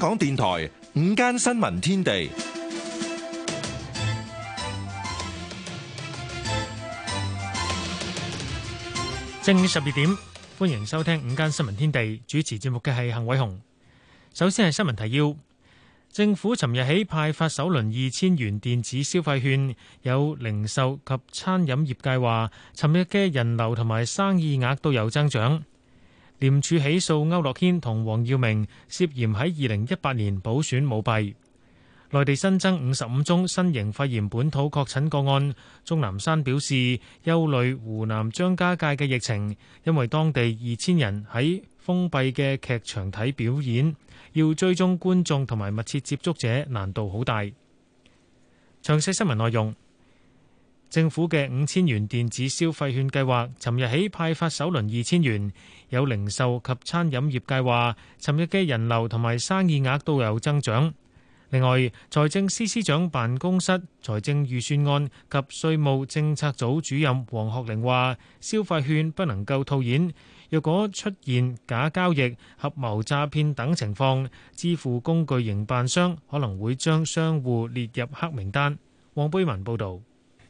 香港電台午間新聞天地正午十二點，歡迎收聽午間新聞天地。主持節目嘅係幸偉雄。首先係新聞提要：政府尋日起派發首輪二千元電子消費券，有零售及餐飲業界話，尋日嘅人流同埋生意額都有增長。廉署起訴區諾軒同黃耀明涉嫌喺二零一八年補選舞弊。內地新增五十五宗新型肺炎本土確診個案。鍾南山表示憂慮湖南張家界嘅疫情，因為當地二千人喺封閉嘅劇場睇表演，要追蹤觀眾同埋密切接觸者難度好大。詳細新聞內容。政府嘅五千元電子消費券計劃尋日起派發首輪二千元，有零售及餐飲業界話，尋日嘅人流同埋生意額都有增長，另外，財政司司長辦公室、財政預算案及稅務政策組主任黃學玲話，消費券不能夠套現，若果出現假交易、合謀詐騙等情況，支付工具營辦商可能會將商戶列入黑名單，黃貝文報道。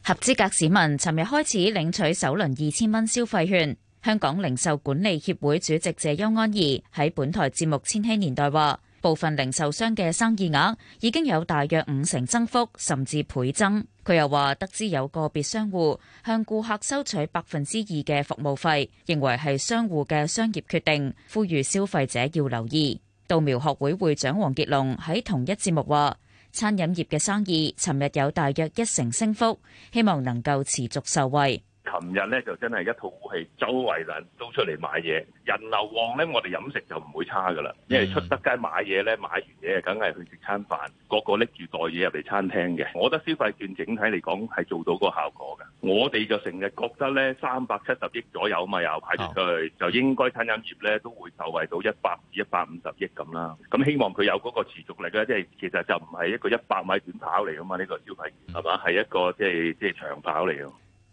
合資格市民尋日開始領取首輪二千蚊消費券。香港零售管理協會主席謝優安儀喺本台節目《千禧年代》話，部分零售商嘅生意額已經有大約五成增幅，甚至倍增。佢又話，得知有個別商戶向顧客收取百分之二嘅服務費，認為係商戶嘅商業決定，呼籲消費者要留意。稻苗學會會長黃傑龍喺同一節目話。餐飲業嘅生意，尋日有大約一成升幅，希望能夠持續受惠。琴日咧就真係一套戲，周圍人都出嚟買嘢，人流旺咧，我哋飲食就唔會差噶啦，因為出得街買嘢咧，買完嘢梗係去食餐飯，個個拎住袋嘢入嚟餐廳嘅。我覺得消費券整體嚟講係做到個效果嘅。我哋就成日覺得咧，三百七十億左右啊嘛，又派出去，Okay. 就應該餐飲業咧都會受惠到一百至一百五十億咁啦。咁希望佢有嗰個持續力咧，即係其實就唔係一個一百米短跑嚟噶嘛，呢、呢個消費券係嘛，係、mm. 一個即係即係長跑嚟嘅。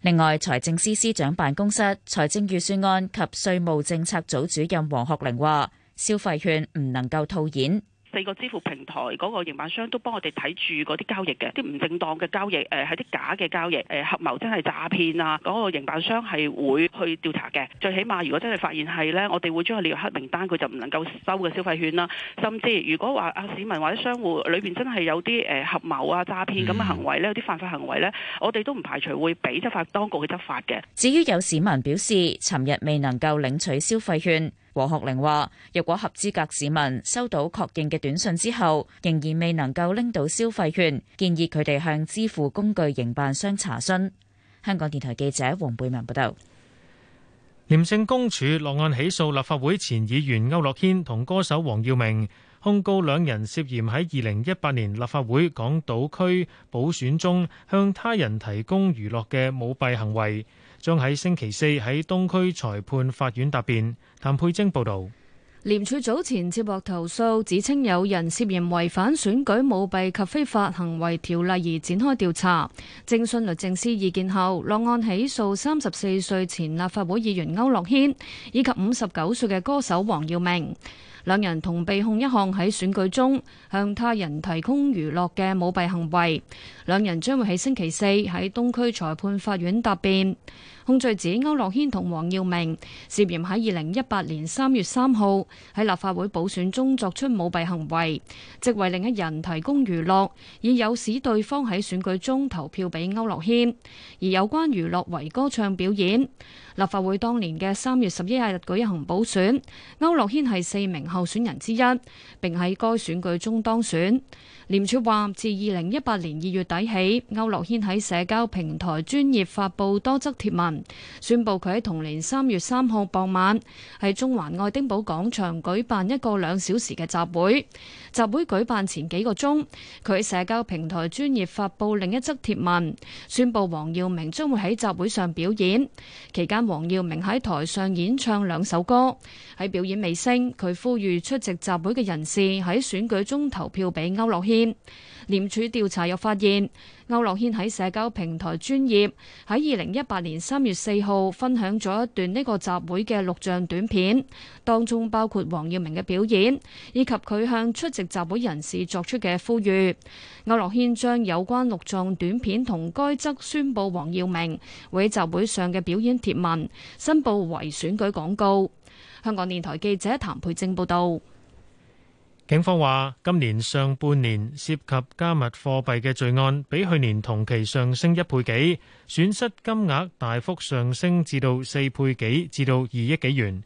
另外，財政司司長辦公室財政預算案及稅務政策組主任黃學玲話：消費券唔能夠套現。四個支付平台嗰個營辦商都幫我哋睇住嗰啲交易嘅，啲唔正當嘅交易，誒係啲假嘅交易，誒合謀真係詐騙啊，嗰個營辦商係會去調查嘅，最起碼如果真係發現係咧，我哋會將佢列入黑名單，佢就唔能夠收嘅消費券啦。甚至如果話啊市民或者商戶裏邊真係有啲誒合謀啊詐騙咁嘅行為咧，有啲犯法行為咧，我哋都唔排除會俾執法當局嘅執法嘅。至於有市民表示，尋日未能夠領取消費券。王學玲話，若果合資格市民收到確認嘅短信之後，仍然未能夠拎到消費券，建議佢哋向支付工具營辦商查詢。香港電台記者黃貝文報道。廉政公署落案起訴立法會前議員歐樂軒同歌手黃耀明，控告兩人涉嫌喺二零一八年立法會港島區補選中向他人提供娛樂嘅舞弊行為。將喺星期四喺東區裁判法院答辯。譚佩晶報道，廉署早前接獲投訴，指稱有人涉嫌違反選舉舞弊及非法行為條例而展開調查，徵詢律政司意見後，落案起訴三十四歲前立法會議員歐樂軒以及五十九歲嘅歌手黃耀明。兩人同被控一項喺選舉中向他人提供娛樂嘅舞弊行為，兩人將會喺星期四喺東區裁判法院答辯。控罪指區諾軒同黃耀明涉嫌喺二零一八年三月三號喺立法會補選中作出舞弊行為，即為另一人提供娛樂，以誘使對方喺選舉中投票俾區諾軒。而有關娛樂為歌唱表演。立法會當年嘅三月十一日舉行補選，區諾軒係四名候選人之一，並喺該選舉中當選。廉署話，自二零一八年二月底起，區諾軒喺社交平台專業發布多則貼文，宣佈佢喺同年三月三號傍晚喺中環愛丁堡廣場舉辦一個兩小時嘅集會。集會舉辦前幾個鐘，佢喺社交平台專業發布另一則貼文，宣佈黃耀明將會喺集會上表演。期間，黃耀明喺台上演唱兩首歌。喺表演尾聲，佢呼籲出席集會嘅人士喺選舉中投票俾區諾軒。廉署調查又發現，歐樂軒喺社交平台專頁喺二零一八年三月四號分享咗一段呢個集會嘅錄像短片，當中包括黃耀明嘅表演以及佢向出席集會人士作出嘅呼籲。歐樂軒將有關錄像短片同該則宣布黃耀明會喺集會上嘅表演貼文，申報為選舉廣告。香港電台記者譚佩正報導。警方話，今年上半年涉及加密貨幣嘅罪案比去年同期上升一倍幾，損失金額大幅上升至到四倍幾，至到二億幾元。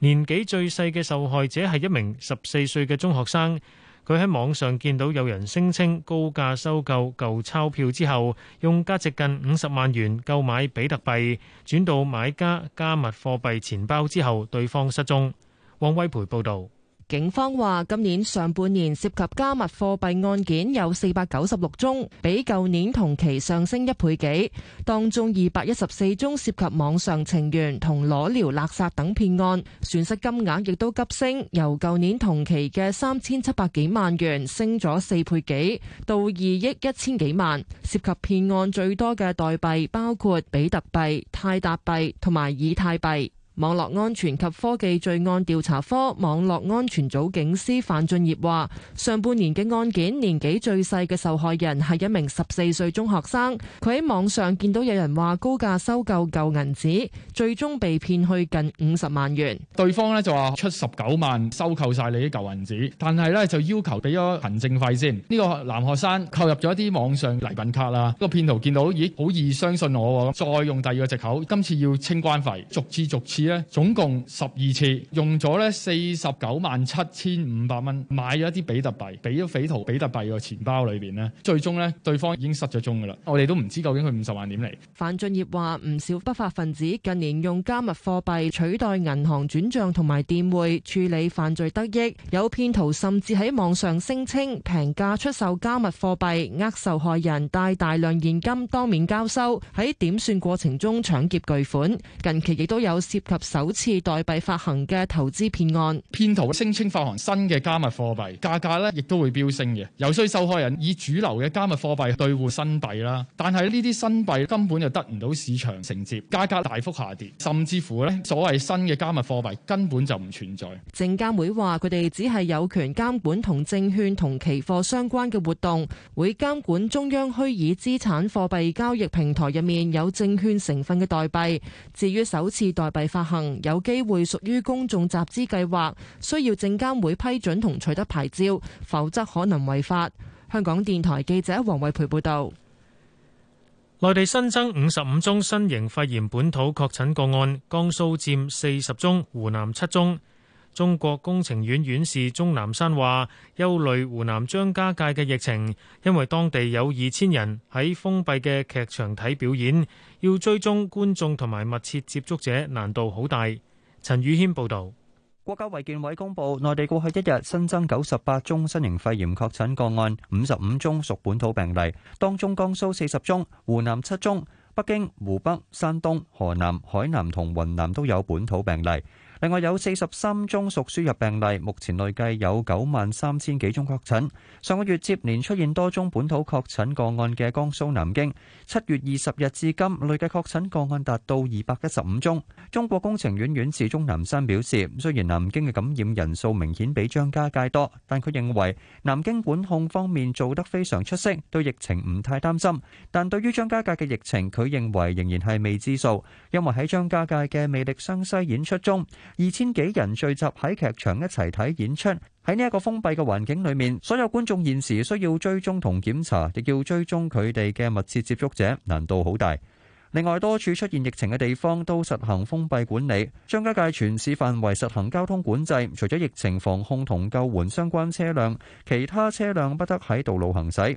年紀最細嘅受害者係一名十四歲嘅中學生，佢喺網上見到有人聲稱高價收購舊鈔票之後，用價值近五十萬元購買比特幣，轉到買家加密貨幣錢包之後，對方失蹤。汪威培報導。警方話，今年上半年涉及加密貨幣案件有四百九十六宗，比舊年同期上升一倍幾。當中二百一十四宗涉及網上情緣同裸聊勒索等騙案，損失金額亦都急升，由舊年同期嘅三千七百幾萬元升咗四倍幾，到二億一千幾萬。涉及騙案最多嘅代幣包括比特幣、泰達幣同埋以太幣。網絡安全及科技罪案調查科網絡安全組警司范俊業話，上半年嘅案件年紀最細嘅受害人係一名十四歲中學生，佢喺網上見到有人話高價收購舊銀紙，最終被騙去近五十萬元。對方呢就話出十九萬收購晒你啲舊銀紙，但係呢就要求俾咗行政費先。呢個男學生購入咗一啲網上禮品卡啦，個騙徒見到咦好易相信我，再用第二個借口，今次要清關費，逐次逐次。呢，總共十二次，用咗呢四十九萬七千五百蚊買咗一啲比特幣，俾咗匪徒比特幣個錢包裏邊呢，最終呢對方已經失咗蹤噶啦。我哋都唔知究竟佢五十萬點嚟。范俊業話：唔少不法分子近年用加密貨幣取代銀行轉賬同埋電匯處理犯罪得益，有騙徒甚至喺網上聲稱平價出售加密貨幣，呃受害人帶大量現金當面交收，喺點算過程中搶劫巨款。近期亦都有涉及。及首次代幣發行嘅投資騙案，騙徒聲稱發行新嘅加密貨幣，價格呢亦都會飆升嘅。有需受害人以主流嘅加密貨幣兌換新幣啦，但係呢啲新幣根本就得唔到市場承接，價格大幅下跌，甚至乎呢所謂新嘅加密貨幣根本就唔存在。證監會話佢哋只係有權監管同證券同期貨相關嘅活動，會監管中央虛擬資產貨幣交易平台入面有證券成分嘅代幣。至於首次代幣發行行有機會屬於公眾集資計劃，需要證監會批准同取得牌照，否則可能違法。香港電台記者王慧培報道。內地新增五十五宗新型肺炎本土確診個案，江蘇佔四十宗，湖南七宗。中國工程院院士鐘南山話：憂慮湖南張家界嘅疫情，因為當地有二千人喺封閉嘅劇場睇表演，要追蹤觀眾同埋密切接觸者難度好大。陳宇謙報道。國家衛健委公布，內地過去一日新增九十八宗新型肺炎確診個案，五十五宗屬本土病例，當中江蘇四十宗，湖南七宗，北京、湖北、山東、河南、海南同雲南都有本土病例。另外有四十三宗屬輸入病例，目前累計有九萬三千幾宗確診。上個月接連出現多宗本土確診個案嘅江蘇南京，七月二十日至今累計確診個案達到二百一十五宗。中國工程院院士鐘南山表示，雖然南京嘅感染人數明顯比張家界多，但佢認為南京管控方面做得非常出色，對疫情唔太擔心。但對於張家界嘅疫情，佢認為仍然係未知數，因為喺張家界嘅魅力湘西演出中。二千幾人聚集喺劇場一齊睇演出，喺呢一個封閉嘅環境裏面，所有觀眾現時需要追蹤同檢查，亦要追蹤佢哋嘅密切接觸者，難度好大。另外，多處出現疫情嘅地方都實行封閉管理，張家界全市範圍實行交通管制，除咗疫情防控同救援相關車輛，其他車輛不得喺道路行駛。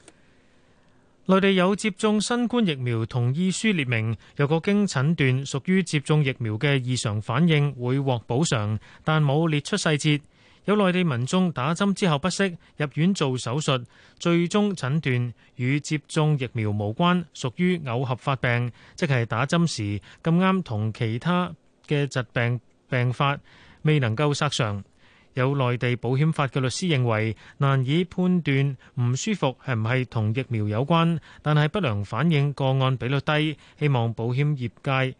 內地有接種新冠疫苗同意書列明，有個經診斷屬於接種疫苗嘅異常反應會獲補償，但冇列出細節。有內地民眾打針之後不適入院做手術，最終診斷與接種疫苗無關，屬於偶合發病，即係打針時咁啱同其他嘅疾病病發，未能夠索償。有內地保險法嘅律師認為，難以判斷唔舒服係唔係同疫苗有關，但係不良反應個案比率低，希望保險業界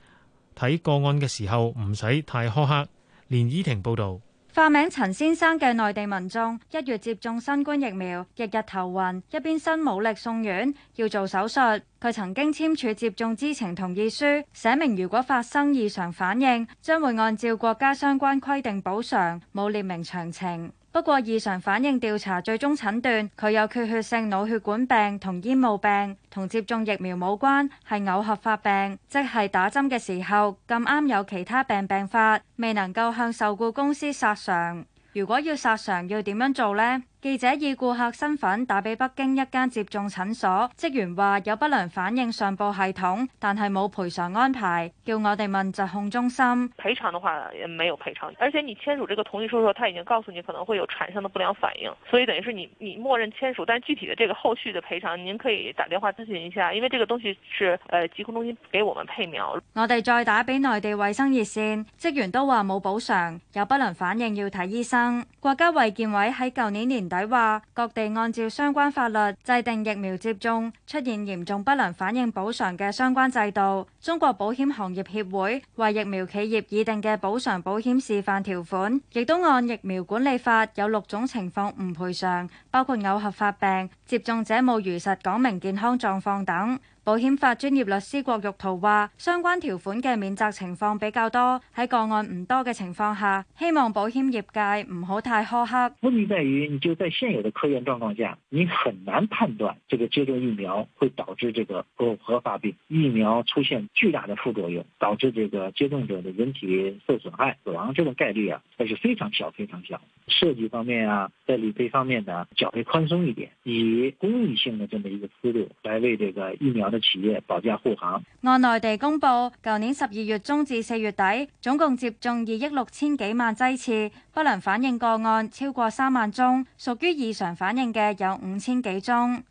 睇個案嘅時候唔使太苛刻。連依婷報導。化名陳先生嘅內地民眾一月接種新冠疫苗，日日頭暈，一邊身無力送院要做手術。佢曾經簽署接種知情同意書，寫明如果發生異常反應，將會按照國家相關規定補償，冇列明詳情。不過異常反應調查，最終診斷佢有缺血性腦血管病同煙霧病，同接種疫苗冇關，係偶合發病，即係打針嘅時候咁啱有其他病，病發，未能夠向受雇公司索償。如果要索償要點樣做呢？記者以顧客身份打俾北京一間接種診所，職員話有不良反應上報系統，但係冇賠償安排，叫我哋問疾控中心。賠償的話，也沒有賠償，而且你簽署這個同意書時候，他已經告訴你可能會有產生的不良反應，所以等於是你你默認簽署，但具體的這個後續的賠償，您可以打電話諮詢一下，因為這個東西是疾控中心給我們配苗。我哋再打俾內地衛生熱線，職員都話冇補償，有不良反應要睇醫生。國家衛健委喺舊年年，年底話，各地按照相關法律制定疫苗接種出現嚴重不良反應補償嘅相關制度。中國保險行業協會為疫苗企業擬定嘅補償保險示範條款，亦都按疫苗管理法有六種情況唔賠償，包括偶合發病、接種者冇如實講明健康狀況等。保險法專業律師郭玉圖話：相關條款嘅免責情況比較多，喺個案唔多嘅情況下，希望保險業界唔好太苛刻。問題在於，你就在現有的科研狀況下，你很難判斷這個接種疫苗會導致這個偶合發病、疫苗出現巨大的副作用，導致這個接種者的人體受損害、死亡，這種概率啊，它是非常小、非常小。設計方面啊，在理賠方面呢，較為寬鬆一點，以公益性的這麼一個思路來為這個疫苗。嘅企業保駕護航。按內地公布，舊年十二月中至四月底，總共接種二億六千幾萬劑次，不良反應個案超過三萬宗，屬於異常反應嘅有五千幾宗。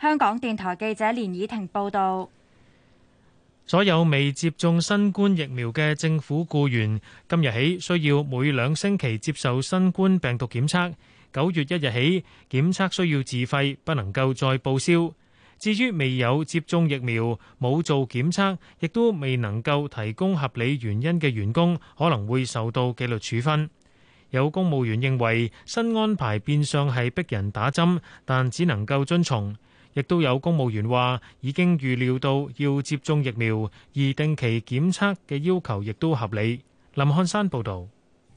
香港電台記者連以婷報道，所有未接種新冠疫苗嘅政府雇員今日起需要每兩星期接受新冠病毒檢測。九月一日起，檢測需要自費，不能夠再報銷。至於未有接種疫苗、冇做檢測，亦都未能夠提供合理原因嘅員工，可能會受到紀律處分。有公務員認為新安排變相係逼人打針，但只能夠遵從。亦都有公務員話已經預料到要接種疫苗，而定期檢測嘅要求亦都合理。林漢山報導。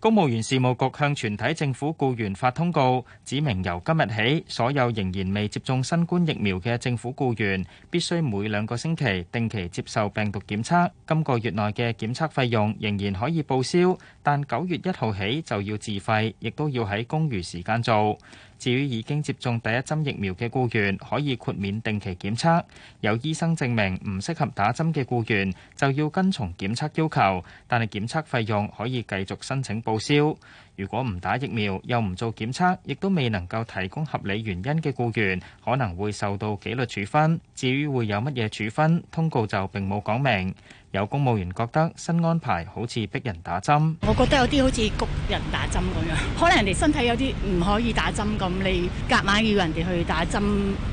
公務員事務局向全體政府僱員發通告，指明由今日起，所有仍然未接種新冠疫苗嘅政府僱員，必須每兩個星期定期接受病毒檢測。今個月內嘅檢測費用仍然可以報銷，但九月一號起就要自費，亦都要喺公餘時間做。至於已經接種第一針疫苗嘅僱員，可以豁免定期檢測。有醫生證明唔適合打針嘅僱員，就要跟從檢測要求，但係檢測費用可以繼續申請報銷。如果唔打疫苗又唔做檢測，亦都未能夠提供合理原因嘅雇員，可能會受到紀律處分。至於會有乜嘢處分，通告就並冇講明。有公務員覺得新安排好似逼人打針，我覺得有啲好似谷人打針咁樣。可能人哋身體有啲唔可以打針，咁你夾硬要人哋去打針，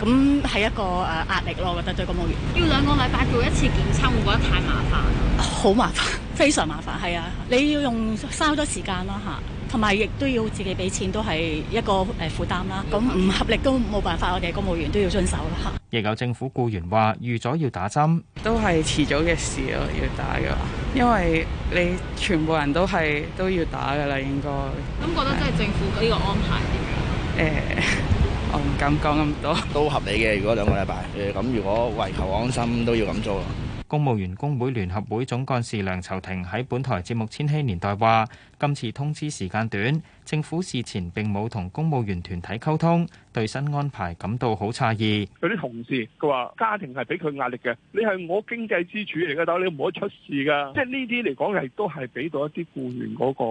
咁係一個誒壓力咯。我覺得對公務員要兩個禮拜做一次檢測，我覺得太麻煩，好麻煩，非常麻煩，係啊，你要用嘥好多時間啦嚇。同埋亦都要自己俾錢，都係一個誒負擔啦。咁唔合，合力都冇辦法，我哋公務員都要遵守啦。亦有政府僱員話預咗要打針，都係遲早嘅事咯，要打嘅。因為你全部人都係都要打㗎啦，應該。咁覺得真係政府呢個安排點樣？誒、呃，我唔敢講咁多。都合理嘅，如果兩個禮拜誒，咁、呃、如果為求安心都要咁做。公務員工會聯合會總幹事梁酬廷喺本台節目《千禧年代》話：今次通知時間短。政府事前並冇同公務員團體溝通，對新安排感到好詫異。有啲同事佢話家庭係俾佢壓力嘅，你係我經濟支柱嚟嘅，但你唔好出事㗎。即係呢啲嚟講，係都係俾到一啲僱員嗰、嗰個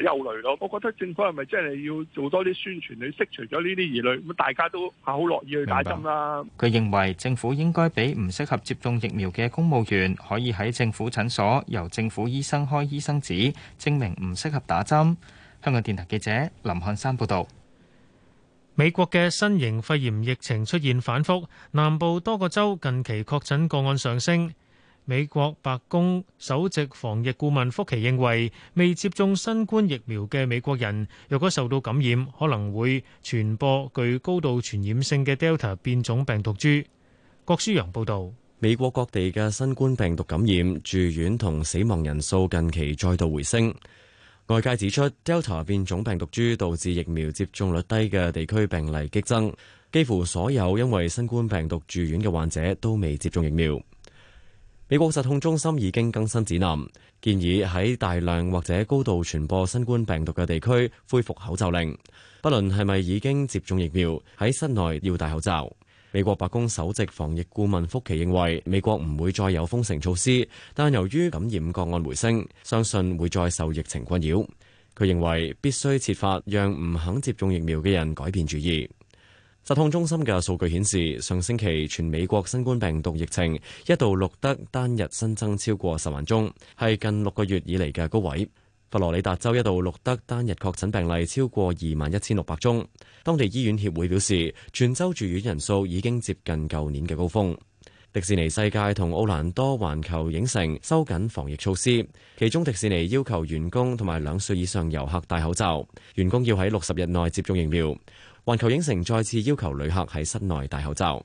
憂慮咯。呃呃、我覺得政府係咪真係要做多啲宣傳，去剔除咗呢啲疑慮，咁，大家都好樂意去打針啦。佢白認為政府應該俾唔適合接種疫苗嘅公務員可以喺政府診所由政府醫生開醫生紙證明唔適合打針。香港電台記者林漢山報道，美國嘅新型肺炎疫情出現反覆，南部多個州近期確診個案上升。美國白宮首席防疫顧問福奇認為，未接種新冠疫苗嘅美國人若果受到感染，可能會傳播具高度傳染性嘅 Delta 變種病毒株。郭舒陽報道，美國各地嘅新冠病毒感染、住院同死亡人數近期再度回升。外界指出，Delta 變種病毒株導致疫苗接種率低嘅地區病例激增，幾乎所有因為新冠病毒住院嘅患者都未接種疫苗。美國疾控中心已經更新指南，建議喺大量或者高度傳播新冠病毒嘅地區恢復口罩令，不論係咪已經接種疫苗，喺室內要戴口罩。美國白宮首席防疫顧問福奇認為，美國唔會再有封城措施，但由於感染個案回升，相信會再受疫情困擾。佢認為必須設法讓唔肯接種疫苗嘅人改變主意。疾控中心嘅數據顯示，上星期全美國新冠病毒疫情一度錄得單日新增超過十萬宗，係近六個月以嚟嘅高位。佛羅里達州一度錄得單日確診病例超過二萬一千六百宗，當地醫院協會表示，全州住院人數已經接近舊年嘅高峰。迪士尼世界同奧蘭多環球影城收緊防疫措施，其中迪士尼要求員工同埋兩歲以上遊客戴口罩，員工要喺六十日內接種疫苗。環球影城再次要求旅客喺室內戴口罩。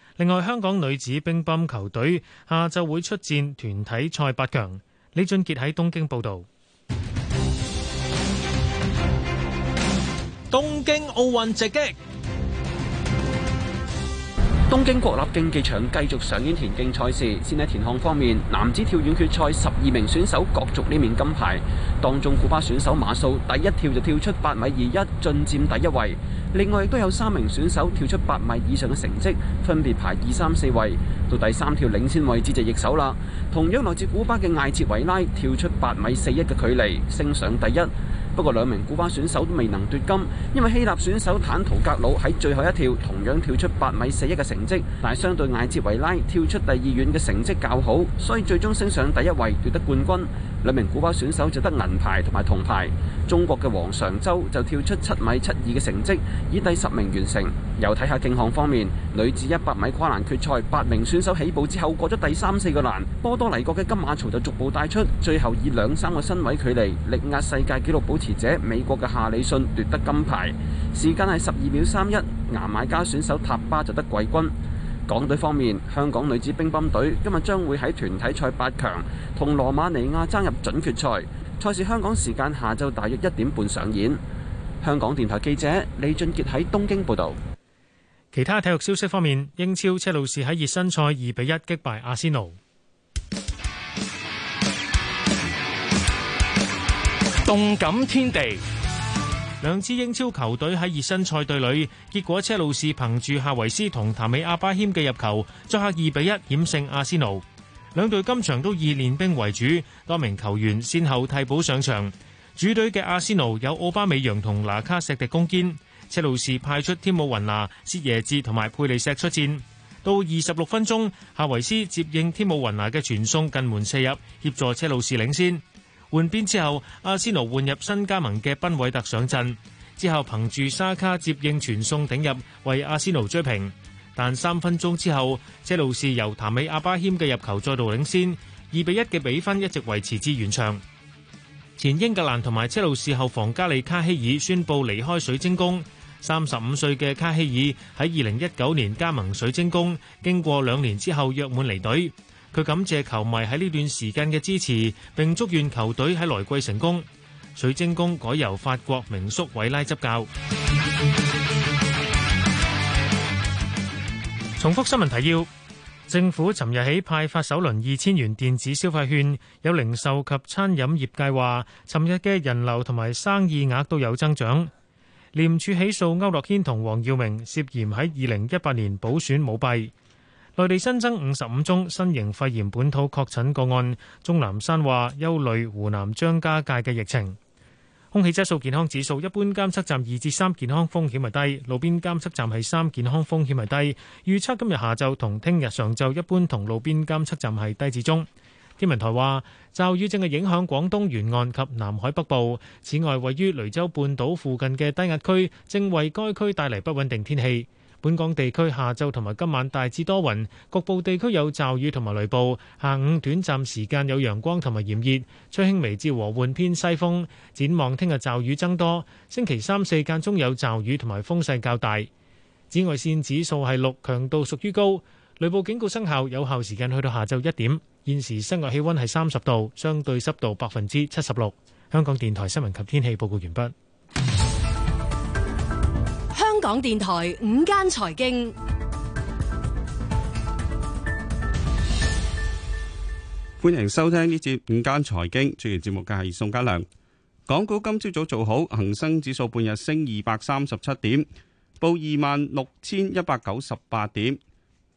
另外，香港女子乒乓球隊下晝會出戰團體賽八強。李俊杰喺東京報道。東京奧運直擊。東京國立競技場繼續上演田徑賽事。先喺田徑方面，男子跳遠決賽，十二名選手角逐呢面金牌。當中古巴選手馬素第一跳就跳出八米二一，進占第一位。另外亦都有三名選手跳出八米以上嘅成績，分別排二三四位。到第三跳領先位置就易手啦。同樣來自古巴嘅艾捷維拉跳出八米四一嘅距離，升上第一。不過兩名古巴選手都未能奪金，因為希臘選手坦圖格魯喺最後一跳同樣跳出八米四一嘅成績，但係相對艾捷維拉跳出第二遠嘅成績較好，所以最終升上第一位奪得冠軍。兩名古巴選手就得銀牌同埋銅牌，中國嘅黃常洲就跳出七米七二嘅成績，以第十名完成。又睇下競項方面，女子一百米跨欄決賽，八名選手起步之後過咗第三四個欄，波多黎各嘅金馬曹就逐步帶出，最後以兩三個身位距離力壓世界紀錄保持者美國嘅夏里遜奪得金牌，時間係十二秒三一。牙買加選手塔巴就得季軍。港隊方面，香港女子乒乓隊今日將會喺團體賽八強同羅馬尼亞爭入準決賽，賽事香港時間下晝大約一點半上演。香港電台記者李俊杰喺東京報道。其他體育消息方面，英超車路士喺熱身賽二比一擊敗阿仙奴。動感天地。兩支英超球隊喺熱身賽對壘，結果車路士憑住夏維斯同譚美阿巴謙嘅入球，作客二比一險勝阿仙奴。兩隊今場都以練兵為主，多名球員先後替補上場。主隊嘅阿仙奴有奧巴美揚同拿卡錫迪攻堅，車路士派出天武雲拿、薛耶治同埋佩利錫出戰。到二十六分鐘，夏維斯接應天武雲拿嘅傳送近門射入，協助車路士領先。換邊之後，阿仙奴換入新加盟嘅賓韋特上陣，之後憑住沙卡接應傳送頂入，為阿仙奴追平。但三分鐘之後，車路士由譚美阿巴謙嘅入球再度領先，二比一嘅比分一直維持至完場。前英格蘭同埋車路士後防加利卡希爾宣佈離開水晶宮。三十五歲嘅卡希爾喺二零一九年加盟水晶宮，經過兩年之後約滿離隊。佢感謝球迷喺呢段時間嘅支持，並祝願球隊喺來季成功。水晶宮改由法國名宿韋拉執教。重複新聞提要：政府尋日起派發首輪二千元電子消費券，有零售及餐飲業界話，尋日嘅人流同埋生意額都有增長。廉署起訴區諾軒同黃耀明涉嫌喺二零一八年補選舞弊。內地新增五十五宗新型肺炎本土確診個案，鍾南山話憂慮湖南張家界嘅疫情。空氣質素健康指數，一般監測站二至三，健康風險係低；路邊監測站係三，健康風險係低。預測今日下晝同聽日上晝，一般同路邊監測站係低至中。天文台話，驟雨正係影響廣東沿岸及南海北部。此外，位於雷州半島附近嘅低壓區，正為該區帶嚟不穩定天氣。本港地區下晝同埋今晚大致多雲，局部地區有驟雨同埋雷暴。下午短暫時間有陽光同埋炎熱，吹輕微至和緩偏西風。展望聽日驟雨增多，星期三、四間中有驟雨同埋風勢較大。紫外線指數係六，強度屬於高。雷暴警告生效，有效時間去到下晝一點。現時室外氣溫係三十度，相對濕度百分之七十六。香港電台新聞及天氣報告完畢。香港電台午間財經，歡迎收聽呢節午間財經。主持節目嘅係宋家良。港股今朝早做好，恒生指數半日升二百三十七點，報二萬六千一百九十八點。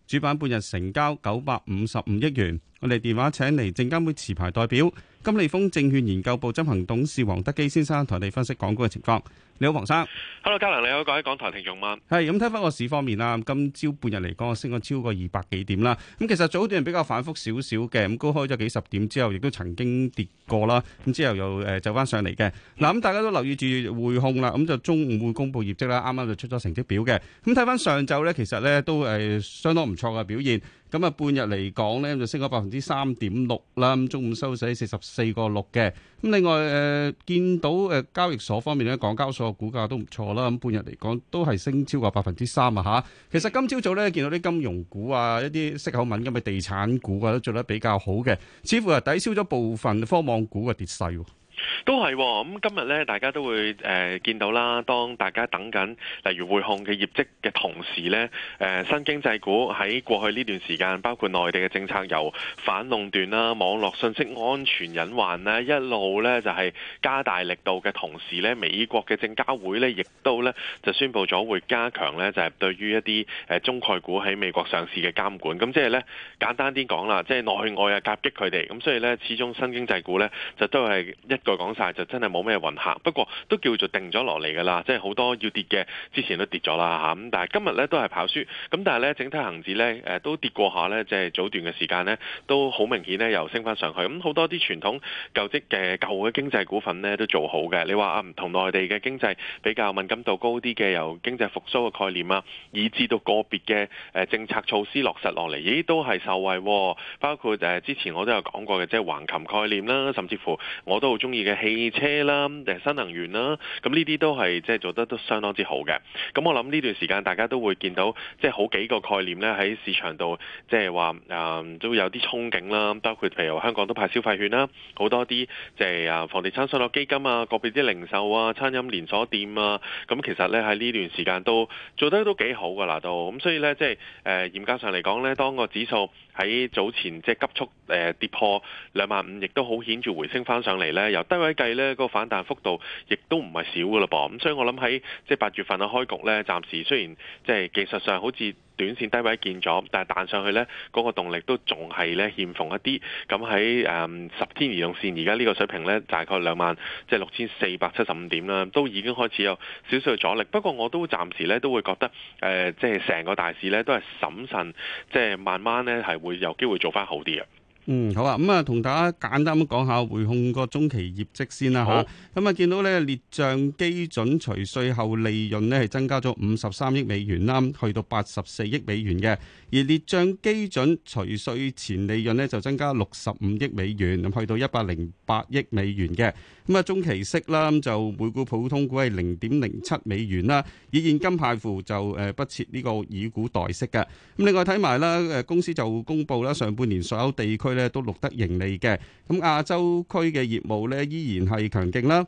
主板半日成交九百五十五億元。我哋電話請嚟證監會持牌代表金利豐證券研究部執行董事黃德基先生，同你分析港股嘅情況。你好，黃生，Hello，嘉良。你好，各位港台聽眾們，係咁睇翻個市方面啦，今朝半日嚟講，升咗超過二百幾點啦。咁其實早段比較反復少少嘅，咁高開咗幾十點之後，亦都曾經跌過啦。咁之後又誒、呃、走翻上嚟嘅。嗱、嗯、咁、啊、大家都留意住匯控啦。咁就中午會公布業績啦，啱啱就出咗成績表嘅。咁睇翻上晝咧，其實咧都誒、呃、相當唔錯嘅表現。咁啊，半日嚟講咧，就升咗百分之三點六啦。咁中午收市四十四個六嘅。咁另外誒、呃，見到誒、呃、交易所方面咧，港交所嘅股價都唔錯啦。咁、嗯、半日嚟講，都係升超過百分之三啊！嚇、啊，其實今朝早咧見到啲金融股啊，一啲息口敏感嘅地產股啊，都做得比較好嘅，似乎係抵消咗部分科網股嘅跌勢、啊。都係咁、啊，今日咧，大家都會誒、呃、見到啦。當大家等緊，例如匯控嘅業績嘅同時咧，誒、呃、新經濟股喺過去呢段時間，包括內地嘅政策由反壟斷啦、網絡信息安全隱患咧，一路咧就係、是、加大力度嘅同時咧，美國嘅證交會咧，亦都咧就宣布咗會加強咧，就係對於一啲誒中概股喺美國上市嘅監管。咁即係咧簡單啲講啦，即係內外啊夾擊佢哋。咁所以咧，始終新經濟股咧就都係一個。講晒就真係冇咩運行，不過都叫做定咗落嚟㗎啦，即係好多要跌嘅，之前都跌咗啦嚇，咁、啊、但係今日咧都係跑輸，咁但係咧整體恆指咧誒都跌過下咧，即係早段嘅時間咧都好明顯咧又升翻上去，咁、嗯、好多啲傳統舊式嘅舊嘅經濟股份咧都做好嘅，你話啊唔同內地嘅經濟比較敏感度高啲嘅，由經濟復甦嘅概念啊，以至到個別嘅誒政策措施落實落嚟，咦都係受惠，包括誒之前我都有講過嘅，即係橫琴概念啦，甚至乎我都好鍾。嘅汽車啦，定新能源啦，咁呢啲都係即係做得都相當之好嘅。咁我諗呢段時間大家都會見到，即係好幾個概念咧喺市場度，即係話啊，都有啲憧憬啦。包括譬如香港都派消費券啦，好多啲即係啊，房地產信託基金啊，個別啲零售啊，餐飲連鎖店啊，咁、嗯、其實咧喺呢段時間都做得都幾好噶喇都。咁、嗯、所以咧，即係誒、呃、嚴格上嚟講咧，當個指數。喺早前即係急速誒跌破兩萬五，25, 000, 亦都好顯著回升翻上嚟咧。由低位計咧，呢個反彈幅度亦都唔係少噶咯噃。咁所以我諗喺即係八月份嘅開局咧，暫時雖然即係技術上好似。短線低位見咗，但係彈上去呢，嗰、嗰個動力都仲係呢欠奉一啲。咁喺誒十天移動線而家呢個水平呢，大概兩萬即係六千四百七十五點啦，都已經開始有少少嘅阻力。不過我都暫時呢，都會覺得誒，即係成個大市呢，都係審慎，即、就、係、是、慢慢呢，係會有機會做翻好啲嘅。嗯，好啊，咁、嗯、啊，同大家簡單咁講下匯控個中期業績先啦吓，咁啊好、嗯，見到咧列賬基準除稅後利潤咧係增加咗五十三億美元啦，去到八十四億美元嘅，而列賬基準除稅前利潤咧就增加六十五億美元，咁去到一百零八億美元嘅。咁啊，中期息啦，咁就每股普通股係零點零七美元啦。以現金派付就誒不設呢個以股代息嘅。咁另外睇埋咧，誒公司就公布咧，上半年所有地區咧都錄得盈利嘅。咁亞洲區嘅業務咧依然係強勁啦，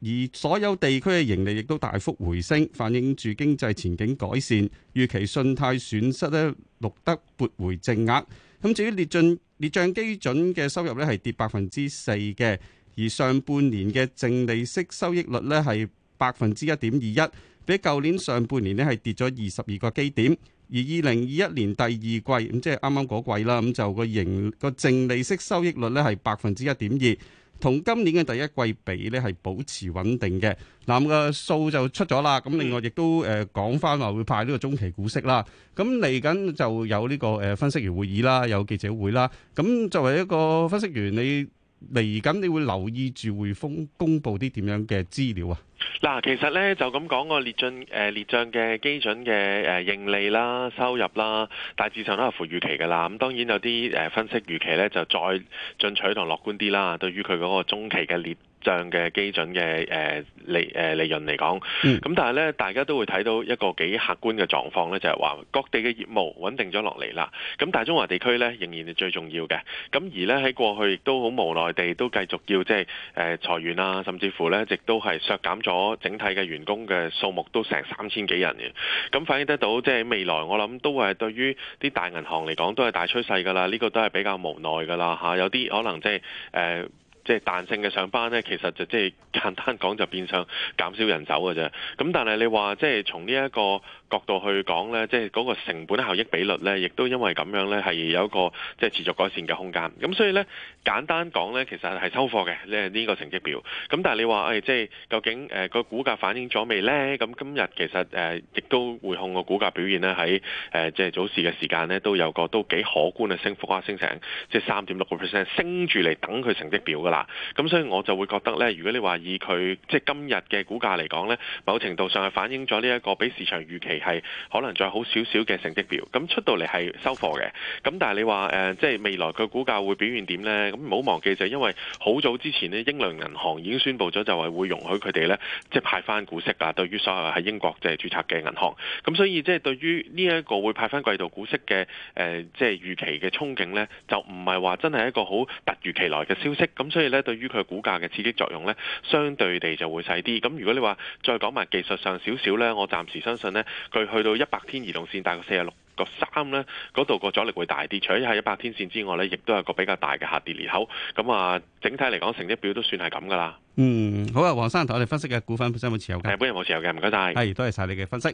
而所有地區嘅盈利亦都大幅回升，反映住經濟前景改善。預期信貸損失咧錄得撥回淨額。咁至於列帳列帳基準嘅收入咧，係跌百分之四嘅。而上半年嘅淨利息收益率咧係百分之一點二一，比舊年上半年呢，係跌咗二十二個基點。而二零二一年第二季，咁即係啱啱嗰季啦，咁就個盈個淨利息收益率咧係百分之一點二，同今年嘅第一季比咧係保持穩定嘅。嗱，咁個數就出咗啦。咁另外亦都誒講翻話會派呢個中期股息啦。咁嚟緊就有呢個誒分析員會議啦，有記者會啦。咁作為一個分析員，你？嚟緊，你會留意住匯豐公布啲點樣嘅資料啊？嗱，其實咧就咁講個列進誒、呃、列帳嘅基準嘅誒、呃、盈利啦、收入啦，大致上都係符預期㗎喇。咁、嗯、當然有啲誒、呃、分析預期咧，就再進取同樂觀啲啦。對於佢嗰個中期嘅列帳嘅基準嘅誒利誒利潤嚟講，咁、嗯、但係咧，大家都會睇到一個幾客觀嘅狀況咧，就係、是、話各地嘅業務穩定咗落嚟啦。咁大中華地區咧仍然係最重要嘅。咁而咧喺過去亦都好無奈地都繼續要即係誒裁員啊，甚至乎咧亦都係削減咗整體嘅員工嘅數目，都成三千幾人嘅。咁反映得到即係未來我諗都係對於啲大銀行嚟講，都係大趨勢噶啦。呢、這個都係比較無奈噶啦吓，有啲可能即、就、係、是。誒、呃。即係彈性嘅上班呢，其實就即係簡單講，就變相減少人手嘅啫。咁但係你話即係從呢一個角度去講呢，即係嗰個成本效益比率呢，亦都因為咁樣呢，係有一個即係持續改善嘅空間。咁所以呢，簡單講呢，其實係收貨嘅咧呢個成績表。咁但係你話誒，即、哎、係、即係、究竟誒個、呃、股價反映咗未呢？咁今日其實誒亦、呃、都匯控個股價表現呢。喺誒即係早市嘅時間呢，都有個都幾可觀嘅升幅啊，升成即係三點六個 percent 升住嚟等佢成績表嘅啦。咁所以我就會覺得咧，如果你話以佢即係今日嘅股價嚟講咧，某程度上係反映咗呢一個比市場預期係可能再好少少嘅成績表。咁出到嚟係收貨嘅。咁但係你話誒、呃，即係未來佢股價會表現點咧？咁唔好忘記就係、是、因為好早之前呢，英倫銀行已經宣布咗就係會容許佢哋咧，即係派翻股息啊。對於所有喺英國即係註冊嘅銀行，咁所以即係對於呢一個會派翻季度股息嘅誒、呃，即係預期嘅憧憬咧，就唔係話真係一個好突如其來嘅消息。咁所以咧，對於佢股價嘅刺激作用咧，相對地就會細啲。咁如果你話再講埋技術上少少咧，我暫時相信咧，佢去到一百天移動線大概四十六個三咧，嗰度個阻力會大啲。除咗係一百天線之外咧，亦都有個比較大嘅下跌裂口。咁啊，整體嚟講，成績表都算係咁噶啦。嗯，好啊，黃生同我哋分析嘅股份本身冇持有嘅，本人冇持有嘅，唔該晒。係，多謝晒你嘅分析。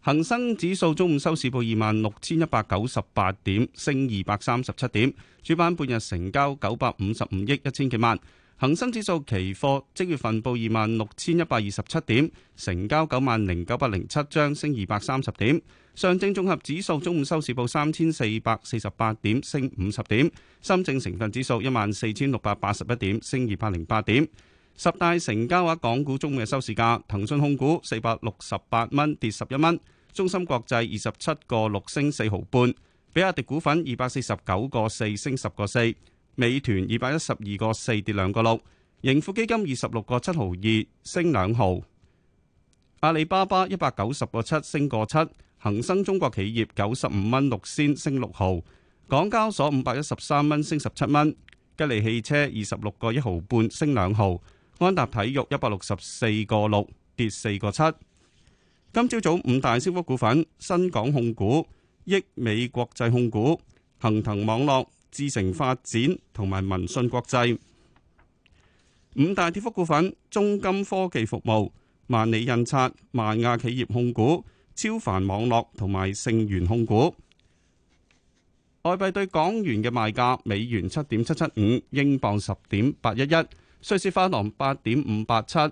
恒生指數中午收市報二萬六千一百九十八點，升二百三十七點。主板半日成交九百五十五億一千幾萬。恒生指數期貨即月份報二萬六千一百二十七點，成交九萬零九百零七張，升二百三十點。上證綜合指數中午收市報三千四百四十八點，升五十點。深證成分指數一萬四千六百八十一點，升二百零八點。十大成交額港股中嘅收市價，騰訊控股四百六十八蚊，跌十一蚊；中芯國際二十七個六升四毫半；比亞迪股份二百四十九個四升十個四；美團二百一十二個四跌兩個六；盈富基金二十六個七毫二升兩毫；阿里巴巴一百九十個七升個七；恒生中國企業九十五蚊六仙升六毫；港交所五百一十三蚊升十七蚊；吉利汽車二十六個一毫半升兩毫。安踏體育一百六十四個六跌四個七。今朝早五大升幅股份：新港控股、益美國際控股、恒騰網絡、智誠發展同埋文信國際。五大跌幅股份：中金科技服務、萬里印刷、萬亞企業控股、超凡網絡同埋盛源控股。外幣對港元嘅賣價：美元七點七七五，英鎊十點八一一。瑞士法郎八點五八七，7，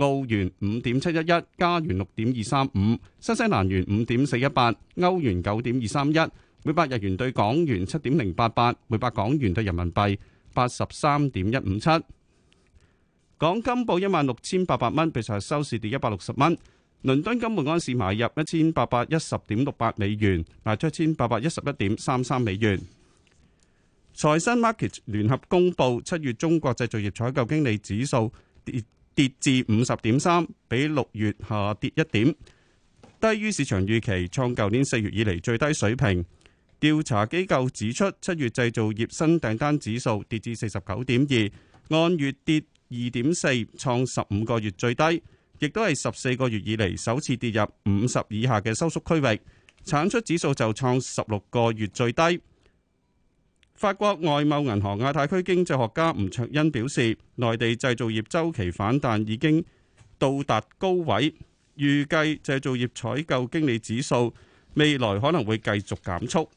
澳元五點七一一，加元六點二三五，新西蘭元五點四一八，歐元九點二三一，每百日元對港元七點零八八，每百港元對人民幣八十三點一五七。港金報一萬六千八百蚊，比上日收市跌一百六十蚊。倫敦金每安士買入一千八百一十點六八美元，賣出一千八百一十一點三三美元。財新 market 聯合公布，七月中國製造業採購經理指數跌跌至五十點三，比六月下跌一點，低於市場預期，創舊年四月以嚟最低水平。調查機構指出，七月製造業新訂單指數跌至四十九點二，按月跌二點四，創十五個月最低，亦都係十四個月以嚟首次跌入五十以下嘅收縮區域。產出指數就創十六個月最低。法國外貿銀行亞太區經濟學家吳卓恩表示，內地製造業週期反彈已經到達高位，預計製造業採購經理指數未來可能會繼續減速。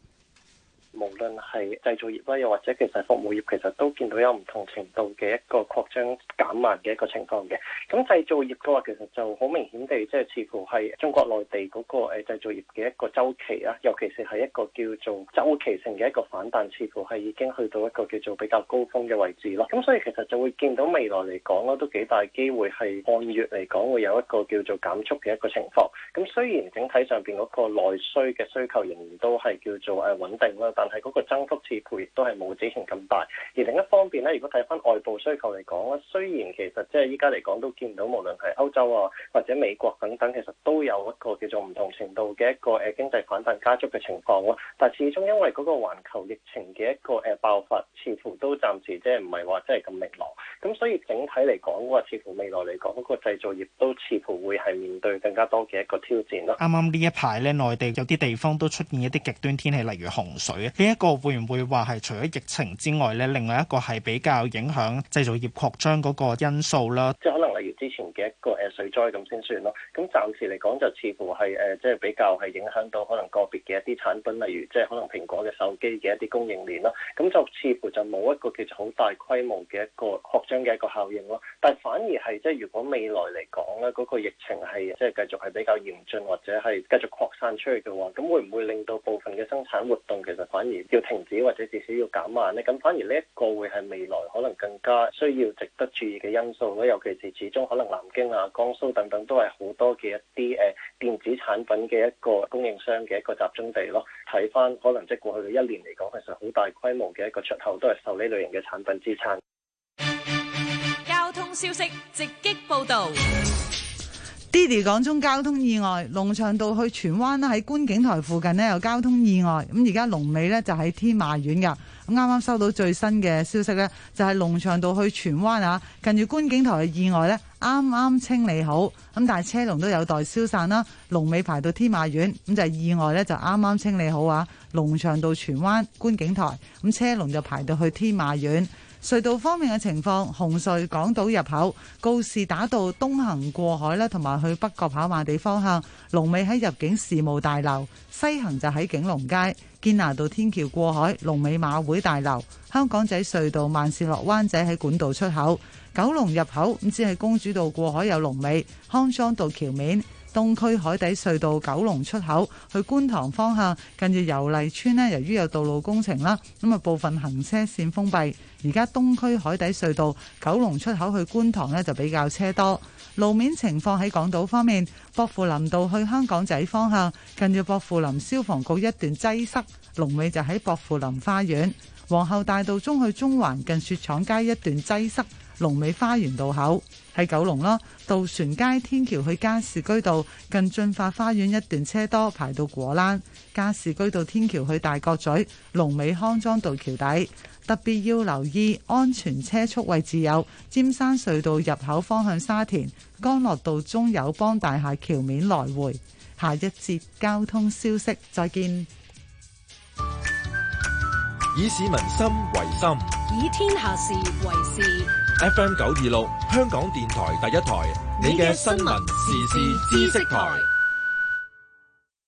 無論係製造業啦，又或者其實服務業，其實都見到有唔同程度嘅一個擴張減慢嘅一個情況嘅。咁製造業嘅話，其實就好明顯地，即係似乎係中國內地嗰個誒製造業嘅一個周期啊，尤其是係一個叫做周期性嘅一個反彈，似乎係已經去到一個叫做比較高峰嘅位置咯。咁所以其實就會見到未來嚟講啦，都幾大機會係按月嚟講會有一個叫做減速嘅一個情況。咁雖然整體上邊嗰個內需嘅需求仍然都係叫做誒穩定啦，但係嗰個增幅似乎亦都係冇之前咁大，而另一方面咧，如果睇翻外部需求嚟講咧，雖然其實即係依家嚟講都見到，無論係歐洲啊或者美國等等，其實都有一個叫做唔同程度嘅一個誒經濟反彈加速嘅情況咯。但係始終因為嗰個環球疫情嘅一個誒爆發，似乎都暫時即係唔係話真係咁明朗，咁所以整體嚟講嘅話，似乎未來嚟講，嗰個製造業都似乎會係面對更加多嘅一個挑戰咯。啱啱呢一排咧，內地有啲地方都出現一啲極端天氣，例如洪水。呢一個會唔會話，係除咗疫情之外咧，另外一個係比較影響製造業擴張嗰個因素啦，即係可能例如之前嘅一個誒水災咁先算咯。咁暫時嚟講就似乎係誒、呃、即係比較係影響到可能個別嘅一啲產品，例如即係可能蘋果嘅手機嘅一啲供應鏈咯，咁就似乎就冇一個其實好大規模嘅一個擴張嘅一個效應咯。但係反而係即係如果未來嚟講咧，嗰、嗰個疫情係即係繼續係比較嚴峻或者係繼續擴散出去嘅話，咁會唔會令到部分嘅生產活動其實。反而要停止或者至少要減慢呢。咁反而呢一個會係未來可能更加需要值得注意嘅因素咯，尤其是始終可能南京啊、江蘇等等都係好多嘅一啲誒電子產品嘅一個供應商嘅一個集中地咯。睇翻，可能即係過去嘅一年嚟講，其實好大規模嘅一個出口都係受呢類型嘅產品支撐。交通消息直擊報道。Diddy 講中交通意外，龍翔道去荃灣啦，喺觀景台附近咧有交通意外，咁而家龍尾咧就喺天馬苑噶。咁啱啱收到最新嘅消息咧，就係龍翔道去荃灣啊，近住觀景台嘅意外咧，啱啱清理好，咁但係車龍都有待消散啦。龍尾排到天馬苑，咁就係意外咧就啱啱清理好啊。龍翔道荃灣觀景台，咁車龍就排到去天馬苑。隧道方面嘅情況，紅隧港島入口告士打道東行過海咧，同埋去北角跑馬地方向龍尾喺入境事務大樓；西行就喺景隆街堅拿道天橋過海，龍尾馬會大樓香港仔隧道萬士樂灣仔喺管道出口，九龍入口唔知喺公主道過海有龍尾康莊道橋面。東區海底隧道九龍出口去觀塘方向，近住油麗村咧，由於有道路工程啦，咁啊部分行車線封閉。而家東區海底隧道九龍出口去觀塘咧就比較車多。路面情況喺港島方面，薄扶林道去香港仔方向，近住薄扶林消防局一段擠塞，龍尾就喺薄扶林花園。皇后大道中去中環近雪廠街一段擠塞。龍尾花園道口喺九龍囉。渡船街天橋去加士居道近進化花園一段車多排到果欄。加士居道天橋去大角咀龍尾康莊道橋底，特別要留意安全車速位置有尖山隧道入口方向，沙田干諾道中友邦大廈橋面來回。下一節交通消息，再見。以市民心為心，以天下事為事。FM 九二六，香港電台第一台，你嘅新聞時事知識台。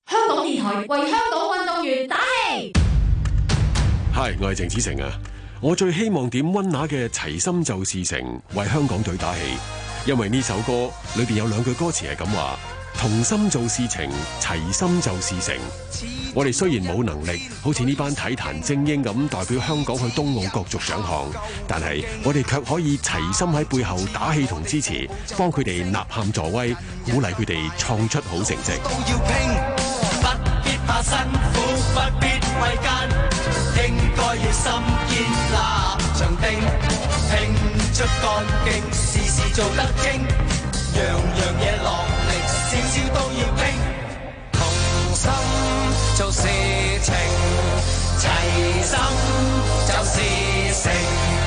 香港電台為香港運動員打氣。嗨，我係鄭子誠，啊，我最希望點溫雅嘅《齊心就事成》為香港隊打氣，因為呢首歌裏邊有兩句歌詞係咁話。同心做事情，齊心就事成。我哋雖然冇能力，好似呢班體壇精英咁代表香港去冬奧角逐獎項，但係我哋卻可以齊心喺背後打氣同支持，幫佢哋吶喊助威，鼓勵佢哋創出好成績。都要拼，不必怕辛苦，不必畏艱，應該要心堅立場定，拼出幹勁，事事做得精，樣樣嘢落少少都要傾，同心做事情，齊心就是成。